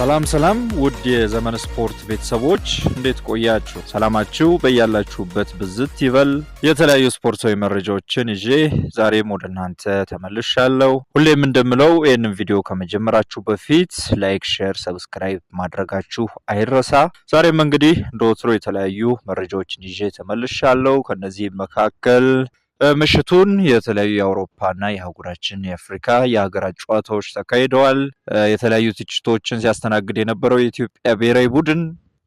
ሰላም ሰላም ውድ የዘመን ስፖርት ቤተሰቦች እንዴት ቆያችሁ? ሰላማችሁ በያላችሁበት ብዝት ይበል። የተለያዩ ስፖርታዊ መረጃዎችን ይዤ ዛሬም ወደ እናንተ ተመልሻለሁ። ሁሌም እንደምለው ይህንን ቪዲዮ ከመጀመራችሁ በፊት ላይክ፣ ሼር፣ ሰብስክራይብ ማድረጋችሁ አይረሳ። ዛሬም እንግዲህ እንደወትሮ የተለያዩ መረጃዎችን ይዤ ተመልሻለሁ። ከነዚህም መካከል ምሽቱን የተለያዩ የአውሮፓና የአህጉራችን የአፍሪካ የሀገራት ጨዋታዎች ተካሂደዋል። የተለያዩ ትችቶችን ሲያስተናግድ የነበረው የኢትዮጵያ ብሔራዊ ቡድን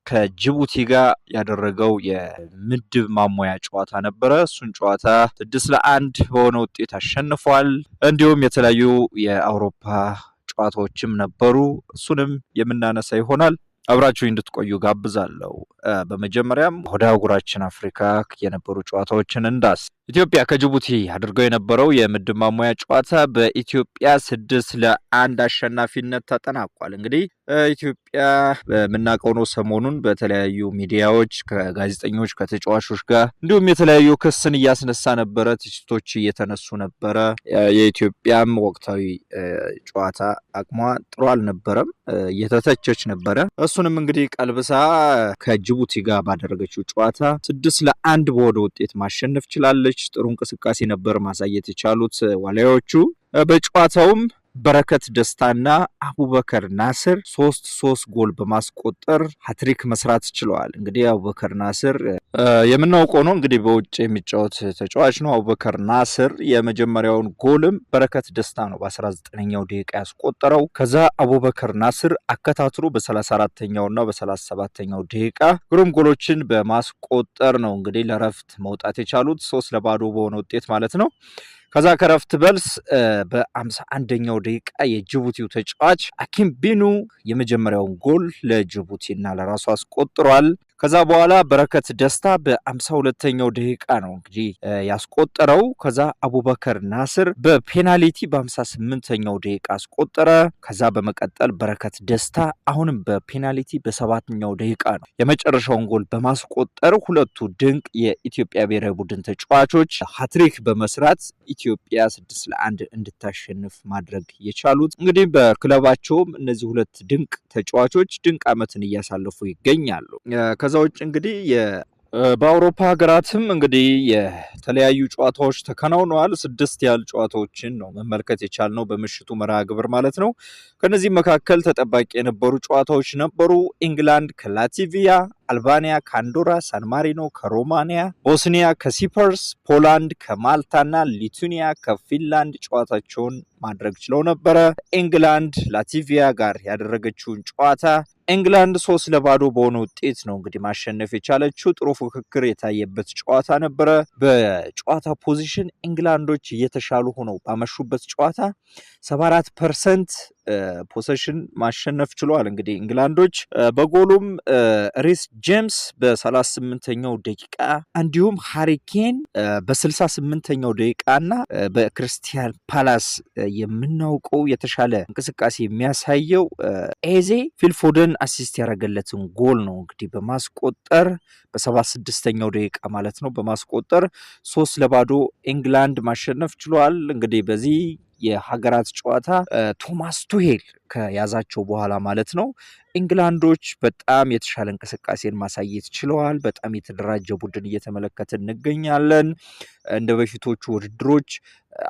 ከጅቡቲ ጋር ያደረገው የምድብ ማሞያ ጨዋታ ነበረ። እሱን ጨዋታ ስድስት ለአንድ በሆነ ውጤት አሸንፏል። እንዲሁም የተለያዩ የአውሮፓ ጨዋታዎችም ነበሩ። እሱንም የምናነሳ ይሆናል። አብራችሁ እንድትቆዩ ጋብዛለሁ። በመጀመሪያም ወደ አህጉራችን አፍሪካ የነበሩ ጨዋታዎችን እንዳስ ኢትዮጵያ ከጅቡቲ አድርገው የነበረው የምድብ ማሟያ ጨዋታ በኢትዮጵያ ስድስት ለአንድ አሸናፊነት ተጠናቋል። እንግዲህ ኢትዮጵያ የምናውቀው ነው። ሰሞኑን በተለያዩ ሚዲያዎች ከጋዜጠኞች ከተጫዋቾች ጋር እንዲሁም የተለያዩ ክስን እያስነሳ ነበረ። ትችቶች እየተነሱ ነበረ። የኢትዮጵያም ወቅታዊ ጨዋታ አቅሟ ጥሩ አልነበረም፣ እየተተቸች ነበረ። እሱንም እንግዲህ ቀልብሳ ከጅቡቲ ጋር ባደረገችው ጨዋታ ስድስት ለአንድ በሆነ ውጤት ማሸነፍ ችላለች። ጥሩ እንቅስቃሴ ነበር ማሳየት የቻሉት ዋሊያዎቹ በጨዋታውም በረከት ደስታና አቡበከር ናስር ሶስት ሶስት ጎል በማስቆጠር ሀትሪክ መስራት ችለዋል። እንግዲህ አቡበከር ናስር የምናውቀው ነው። እንግዲህ በውጭ የሚጫወት ተጫዋች ነው። አቡበከር ናስር የመጀመሪያውን ጎልም በረከት ደስታ ነው በ19ኛው ደቂቃ ያስቆጠረው። ከዛ አቡበከር ናስር አከታትሎ በ34ተኛውና በ37ተኛው ደቂቃ ግሩም ጎሎችን በማስቆጠር ነው እንግዲህ ለረፍት መውጣት የቻሉት ሶስት ለባዶ በሆነ ውጤት ማለት ነው። ከዛ ከረፍት በልስ በአምሳ አንደኛው ደቂቃ የጅቡቲው ተጫዋች አኪም ቢኑ የመጀመሪያውን ጎል ለጅቡቲ እና ለራሱ አስቆጥሯል። ከዛ በኋላ በረከት ደስታ በአምሳ ሁለተኛው ደቂቃ ነው እንግዲህ ያስቆጠረው። ከዛ አቡበከር ናስር በፔናልቲ በአምሳ ስምንተኛው ደቂቃ አስቆጠረ። ከዛ በመቀጠል በረከት ደስታ አሁንም በፔናሊቲ በሰባተኛው ደቂቃ ነው የመጨረሻውን ጎል በማስቆጠር ሁለቱ ድንቅ የኢትዮጵያ ብሔራዊ ቡድን ተጫዋቾች ሀትሪክ በመስራት ኢትዮጵያ ስድስት ለአንድ እንድታሸንፍ ማድረግ የቻሉት እንግዲህ በክለባቸውም እነዚህ ሁለት ድንቅ ተጫዋቾች ድንቅ ዓመትን እያሳለፉ ይገኛሉ። ከዛ ውጭ እንግዲህ በአውሮፓ ሀገራትም እንግዲህ የተለያዩ ጨዋታዎች ተከናውነዋል። ስድስት ያህል ጨዋታዎችን ነው መመልከት የቻልነው በምሽቱ መርሃ ግብር ማለት ነው። ከነዚህም መካከል ተጠባቂ የነበሩ ጨዋታዎች ነበሩ። ኢንግላንድ ከላቲቪያ፣ አልባኒያ ከአንዶራ፣ ሳንማሪኖ ማሪኖ ከሮማኒያ፣ ቦስኒያ ከሲፐርስ፣ ፖላንድ ከማልታና ሊቱኒያ ከፊንላንድ ጨዋታቸውን ማድረግ ችለው ነበረ። ኢንግላንድ ላቲቪያ ጋር ያደረገችውን ጨዋታ ኢንግላንድ ሶስት ለባዶ በሆነ ውጤት ነው እንግዲህ ማሸነፍ የቻለችው። ጥሩ ፉክክር የታየበት ጨዋታ ነበረ። በጨዋታ ፖዚሽን ኢንግላንዶች እየተሻሉ ሆነው ባመሹበት ጨዋታ ሰባ አራት ፐርሰንት ፖሰሽን ማሸነፍ ችሏል። እንግዲህ እንግላንዶች በጎሉም ሪስ ጄምስ በ38ኛው ደቂቃ እንዲሁም ሃሪኬን በ68ኛው ደቂቃና በክርስቲያን ፓላስ የምናውቀው የተሻለ እንቅስቃሴ የሚያሳየው ኤዜ ፊልፎደን አሲስት ያደረገለትን ጎል ነው እንግዲህ በማስቆጠር በ76ኛው ደቂቃ ማለት ነው በማስቆጠር ሶስት ለባዶ ኢንግላንድ ማሸነፍ ችሏል። እንግዲህ በዚህ የሀገራት ጨዋታ ቶማስ ቱሄል ከያዛቸው በኋላ ማለት ነው ኢንግላንዶች በጣም የተሻለ እንቅስቃሴን ማሳየት ችለዋል። በጣም የተደራጀ ቡድን እየተመለከትን እንገኛለን። እንደ በፊቶቹ ውድድሮች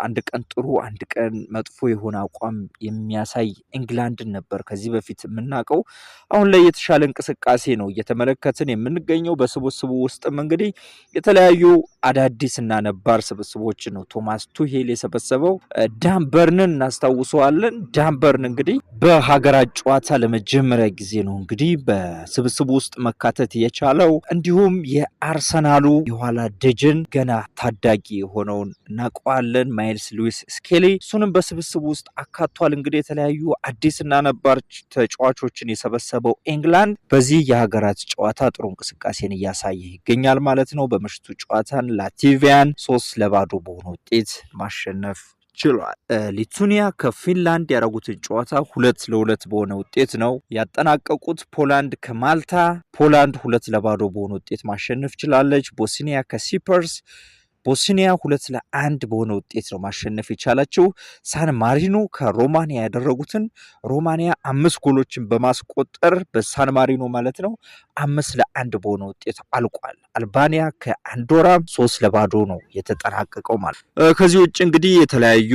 አንድ ቀን ጥሩ አንድ ቀን መጥፎ የሆነ አቋም የሚያሳይ እንግላንድን ነበር ከዚህ በፊት የምናውቀው። አሁን ላይ የተሻለ እንቅስቃሴ ነው እየተመለከትን የምንገኘው። በስብስቡ ውስጥም እንግዲህ የተለያዩ አዳዲስ እና ነባር ስብስቦች ነው ቶማስ ቱሄል የሰበሰበው። ዳንበርንን እናስታውሰዋለን። ዳንበርን እንግዲህ በሀገራት ጨዋታ ለመጀመሪያ ጊዜ ነው እንግዲህ በስብስቡ ውስጥ መካተት የቻለው። እንዲሁም የአርሰናሉ የኋላ ደጀን ገና ታዳጊ የሆነውን እናውቀዋለን ማይልስ ሉዊስ ስኬሊ እሱንም በስብስብ ውስጥ አካቷል። እንግዲህ የተለያዩ አዲስና ነባር ተጫዋቾችን የሰበሰበው ኤንግላንድ በዚህ የሀገራት ጨዋታ ጥሩ እንቅስቃሴን እያሳየ ይገኛል ማለት ነው። በምሽቱ ጨዋታን ላቲቪያን ሶስት ለባዶ በሆነ ውጤት ማሸነፍ ችሏል። ሊቱኒያ ከፊንላንድ ያደረጉትን ጨዋታ ሁለት ለሁለት በሆነ ውጤት ነው ያጠናቀቁት። ፖላንድ ከማልታ ፖላንድ ሁለት ለባዶ በሆነ ውጤት ማሸነፍ ችላለች። ቦስኒያ ከሲፐርስ ቦስኒያ ሁለት ለአንድ በሆነ ውጤት ነው ማሸነፍ የቻላቸው። ሳን ማሪኖ ከሮማኒያ ያደረጉትን ሮማኒያ አምስት ጎሎችን በማስቆጠር በሳን ማሪኖ ማለት ነው አምስት ለአንድ በሆነ ውጤት አልቋል። አልባኒያ ከአንዶራ ሶስት ለባዶ ነው የተጠናቀቀው ማለት ከዚህ ውጭ እንግዲህ የተለያዩ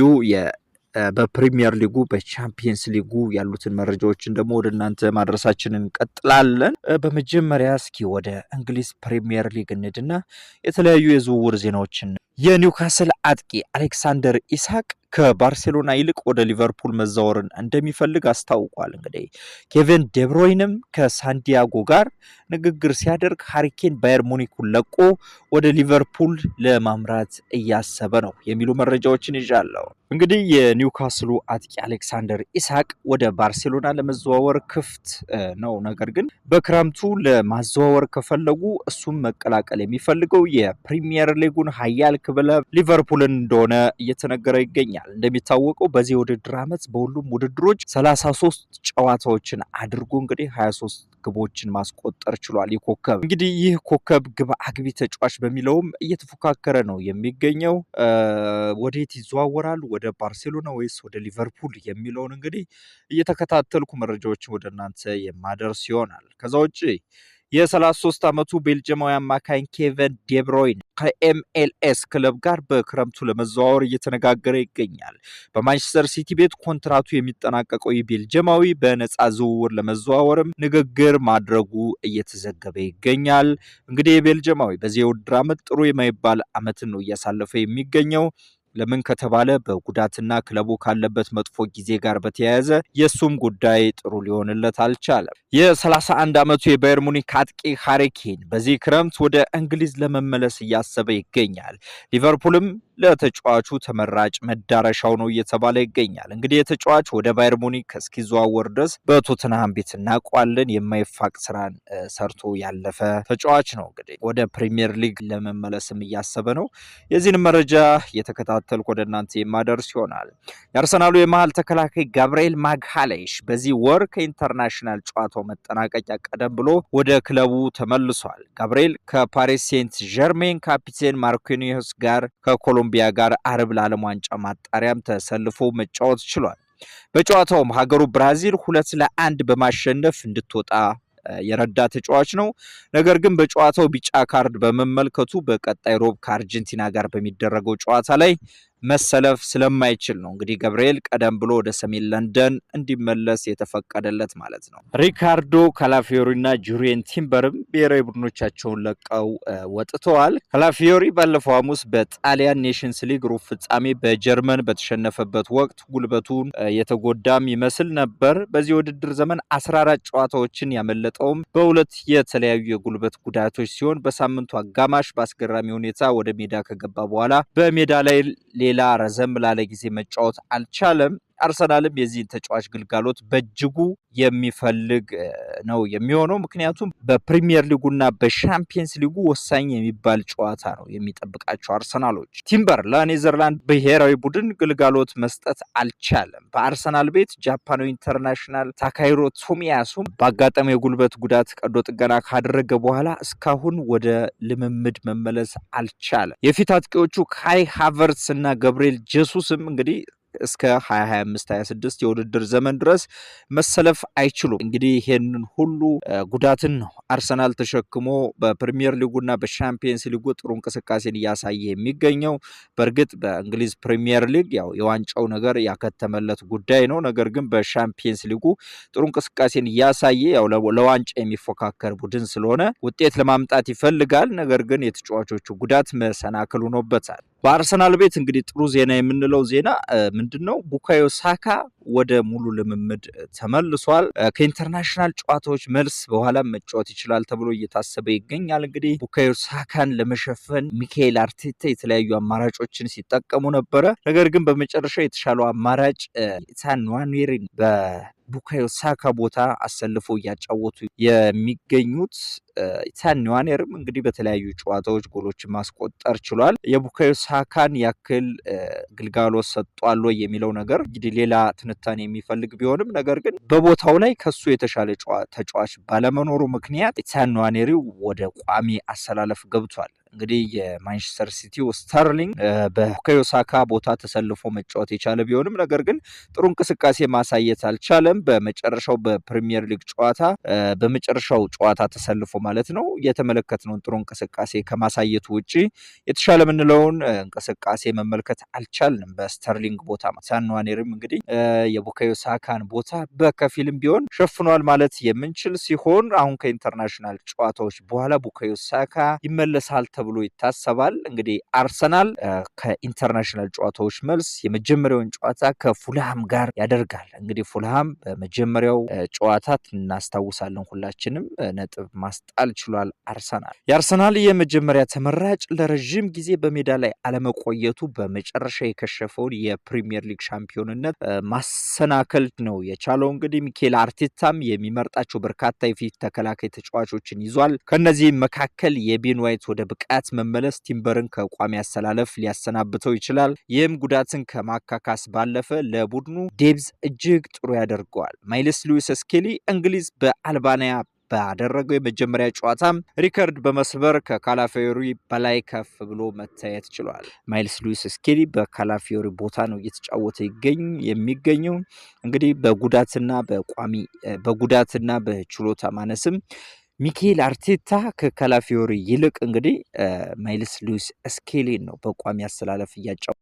በፕሪሚየር ሊጉ በቻምፒየንስ ሊጉ ያሉትን መረጃዎችን ደግሞ ወደ እናንተ ማድረሳችንን እንቀጥላለን። በመጀመሪያ እስኪ ወደ እንግሊዝ ፕሪሚየር ሊግ እንድና የተለያዩ የዝውውር ዜናዎችን የኒውካስል አጥቂ አሌክሳንደር ኢሳቅ ከባርሴሎና ይልቅ ወደ ሊቨርፑል መዛወርን እንደሚፈልግ አስታውቋል። እንግዲህ ኬቨን ዴብሮይንም ከሳንዲያጎ ጋር ንግግር ሲያደርግ ሃሪኬን ባየር ሙኒኩን ለቆ ወደ ሊቨርፑል ለማምራት እያሰበ ነው የሚሉ መረጃዎችን ይዣለሁ። እንግዲህ የኒውካስሉ አጥቂ አሌክሳንደር ኢሳቅ ወደ ባርሴሎና ለመዘዋወር ክፍት ነው። ነገር ግን በክረምቱ ለማዘዋወር ከፈለጉ እሱም መቀላቀል የሚፈልገው የፕሪሚየር ሊጉን ኃያል ክለብ ሊቨርፑልን እንደሆነ እየተነገረ ይገኛል። ይገኛል። እንደሚታወቀው በዚህ የውድድር ዓመት በሁሉም ውድድሮች 33 ጨዋታዎችን አድርጎ እንግዲህ 23 ግቦችን ማስቆጠር ችሏል። ይህ ኮከብ እንግዲህ ይህ ኮከብ ግብ አግቢ ተጫዋች በሚለውም እየተፎካከረ ነው የሚገኘው። ወዴት ይዘዋወራል ወደ ባርሴሎና ወይስ ወደ ሊቨርፑል የሚለውን እንግዲህ እየተከታተልኩ መረጃዎችን ወደ እናንተ የማደርስ ይሆናል። ከዛ ውጭ የ33 ዓመቱ ቤልጅማዊ አማካኝ ኬቨን ዴብሮይን ከኤምኤልኤስ ክለብ ጋር በክረምቱ ለመዘዋወር እየተነጋገረ ይገኛል። በማንቸስተር ሲቲ ቤት ኮንትራቱ የሚጠናቀቀው የቤልጅማዊ በነፃ ዝውውር ለመዘዋወርም ንግግር ማድረጉ እየተዘገበ ይገኛል። እንግዲህ የቤልጅማዊ በዚህ የውድድር ዓመት ጥሩ የማይባል ዓመትን ነው እያሳለፈ የሚገኘው። ለምን ከተባለ በጉዳትና ክለቡ ካለበት መጥፎ ጊዜ ጋር በተያያዘ የእሱም ጉዳይ ጥሩ ሊሆንለት አልቻለም። የ31 ዓመቱ የባየር ሙኒክ አጥቂ ሃሪ በዚህ ክረምት ወደ እንግሊዝ ለመመለስ እያሰበ ይገኛል። ሊቨርፑልም ለተጫዋቹ ተመራጭ መዳረሻው ነው እየተባለ ይገኛል። እንግዲህ የተጫዋች ወደ ባየር ሙኒክ እስኪዘዋወር ድረስ በቶትንሃም ቤት እናውቀዋለን። የማይፋቅ ስራን ሰርቶ ያለፈ ተጫዋች ነው። እንግዲህ ወደ ፕሪሚየር ሊግ ለመመለስም እያሰበ ነው። የዚህን መረጃ የተከታተልኩ ወደ እናንተ የማደርስ ይሆናል። የአርሰናሉ የመሀል ተከላካይ ጋብርኤል ማግሃሌሽ በዚህ ወር ከኢንተርናሽናል ጨዋታው መጠናቀቂያ ቀደም ብሎ ወደ ክለቡ ተመልሷል። ጋብርኤል ከፓሪስ ሴንት ጀርሜን ካፒቴን ማርኪኒዮስ ጋር ከኮሎም ከኮሎምቢያ ጋር አርብ ለዓለም ዋንጫ ማጣሪያም ተሰልፎ መጫወት ችሏል። በጨዋታውም ሀገሩ ብራዚል ሁለት ለአንድ በማሸነፍ እንድትወጣ የረዳ ተጫዋች ነው። ነገር ግን በጨዋታው ቢጫ ካርድ በመመልከቱ በቀጣይ ሮብ ከአርጀንቲና ጋር በሚደረገው ጨዋታ ላይ መሰለፍ ስለማይችል ነው እንግዲህ ገብርኤል ቀደም ብሎ ወደ ሰሜን ለንደን እንዲመለስ የተፈቀደለት ማለት ነው። ሪካርዶ ካላፊዮሪና ጁሪየን ቲምበርም ብሔራዊ ቡድኖቻቸውን ለቀው ወጥተዋል። ካላፊዮሪ ባለፈው ሐሙስ በጣሊያን ኔሽንስ ሊግ ሩብ ፍጻሜ በጀርመን በተሸነፈበት ወቅት ጉልበቱን የተጎዳም ይመስል ነበር። በዚህ ውድድር ዘመን 14 ጨዋታዎችን ያመለጠውም በሁለት የተለያዩ የጉልበት ጉዳቶች ሲሆን በሳምንቱ አጋማሽ በአስገራሚ ሁኔታ ወደ ሜዳ ከገባ በኋላ በሜዳ ላይ ሌላ ረዘም ላለ ጊዜ መጫወት አልቻለም። አርሰናልም የዚህን ተጫዋች ግልጋሎት በእጅጉ የሚፈልግ ነው የሚሆነው። ምክንያቱም በፕሪሚየር ሊጉና በሻምፒየንስ ሊጉ ወሳኝ የሚባል ጨዋታ ነው የሚጠብቃቸው አርሰናሎች። ቲምበር ለኔዘርላንድ ብሔራዊ ቡድን ግልጋሎት መስጠት አልቻለም። በአርሰናል ቤት ጃፓናዊ ኢንተርናሽናል ታካይሮ ቶሚያሱም በአጋጣሚ የጉልበት ጉዳት ቀዶ ጥገና ካደረገ በኋላ እስካሁን ወደ ልምምድ መመለስ አልቻለም። የፊት አጥቂዎቹ ካይ ሃቨርትስ እና ገብርኤል ጀሱስም እንግዲህ እስከ 2526 26 የውድድር ዘመን ድረስ መሰለፍ አይችሉም። እንግዲህ ይሄንን ሁሉ ጉዳትን ነው አርሰናል ተሸክሞ በፕሪሚየር ሊጉና በሻምፒየንስ ሊጉ ጥሩ እንቅስቃሴን እያሳየ የሚገኘው። በእርግጥ በእንግሊዝ ፕሪሚየር ሊግ ያው የዋንጫው ነገር ያከተመለት ጉዳይ ነው። ነገር ግን በሻምፒየንስ ሊጉ ጥሩ እንቅስቃሴን እያሳየ ያው ለዋንጫ የሚፎካከር ቡድን ስለሆነ ውጤት ለማምጣት ይፈልጋል። ነገር ግን የተጫዋቾቹ ጉዳት መሰናክል ሆኖበታል። በአርሰናል ቤት እንግዲህ ጥሩ ዜና የምንለው ዜና ምንድን ነው? ቡካዮ ሳካ ወደ ሙሉ ልምምድ ተመልሷል። ከኢንተርናሽናል ጨዋታዎች መልስ በኋላ መጫወት ይችላል ተብሎ እየታሰበ ይገኛል። እንግዲህ ቡካዮ ሳካን ለመሸፈን ሚካኤል አርቴታ የተለያዩ አማራጮችን ሲጠቀሙ ነበረ። ነገር ግን በመጨረሻ የተሻለው አማራጭ ኢታን ንዋኔሪን በቡካዮ ሳካ ቦታ አሰልፎ እያጫወቱ የሚገኙት ኢታን ንዋኔሪም እንግዲህ በተለያዩ ጨዋታዎች ጎሎችን ማስቆጠር ችሏል። የቡካዮ ሳካን ያክል ግልጋሎት ሰጥቷል የሚለው ነገር እንግዲህ ሌላ መፈተን የሚፈልግ ቢሆንም ነገር ግን በቦታው ላይ ከሱ የተሻለ ተጫዋች ባለመኖሩ ምክንያት ሳኑዋኔሪ ወደ ቋሚ አሰላለፍ ገብቷል። እንግዲህ የማንቸስተር ሲቲው ስተርሊንግ በቡካዮ ሳካ ቦታ ተሰልፎ መጫወት የቻለ ቢሆንም ነገር ግን ጥሩ እንቅስቃሴ ማሳየት አልቻለም። በመጨረሻው በፕሪሚየር ሊግ ጨዋታ በመጨረሻው ጨዋታ ተሰልፎ ማለት ነው የተመለከትነውን ጥሩ እንቅስቃሴ ከማሳየቱ ውጪ የተሻለ የምንለውን እንቅስቃሴ መመልከት አልቻልንም በስተርሊንግ ቦታ። ሳንዋኔርም እንግዲህ የቡካዮ ሳካን ቦታ በከፊልም ቢሆን ሸፍኗል ማለት የምንችል ሲሆን አሁን ከኢንተርናሽናል ጨዋታዎች በኋላ ቡካዮ ሳካ ይመለሳል ተብሎ ይታሰባል። እንግዲህ አርሰናል ከኢንተርናሽናል ጨዋታዎች መልስ የመጀመሪያውን ጨዋታ ከፉልሃም ጋር ያደርጋል። እንግዲህ ፉልሃም በመጀመሪያው ጨዋታ እናስታውሳለን፣ ሁላችንም ነጥብ ማስጣል ችሏል። አርሰናል የአርሰናል የመጀመሪያ ተመራጭ ለረዥም ጊዜ በሜዳ ላይ አለመቆየቱ በመጨረሻ የከሸፈውን የፕሪሚየር ሊግ ሻምፒዮንነት ማሰናከል ነው የቻለው። እንግዲህ ሚኬል አርቴታም የሚመርጣቸው በርካታ የፊት ተከላካይ ተጫዋቾችን ይዟል። ከነዚህም መካከል የቤን ዋይት ወደ ብቃ ብቃት መመለስ ቲምበርን ከቋሚ አሰላለፍ ሊያሰናብተው ይችላል። ይህም ጉዳትን ከማካካስ ባለፈ ለቡድኑ ዴብዝ እጅግ ጥሩ ያደርገዋል። ማይልስ ሉዊስ ስኬሊ እንግሊዝ በአልባንያ ባደረገው የመጀመሪያ ጨዋታም ሪከርድ በመስበር ከካላፊዮሪ በላይ ከፍ ብሎ መታየት ችሏል። ማይልስ ሉዊስ ስኬሊ በካላፊዮሪ ቦታ ነው እየተጫወተ ይገኝ የሚገኘው እንግዲህ በጉዳትና በቋሚ በጉዳትና በችሎታ ማነስም ሚኬል አርቴታ ከካላፊዮሪ ይልቅ እንግዲህ ማይልስ ሉዊስ ስኬሊን ነው በቋሚ አስተላለፍ እያጫው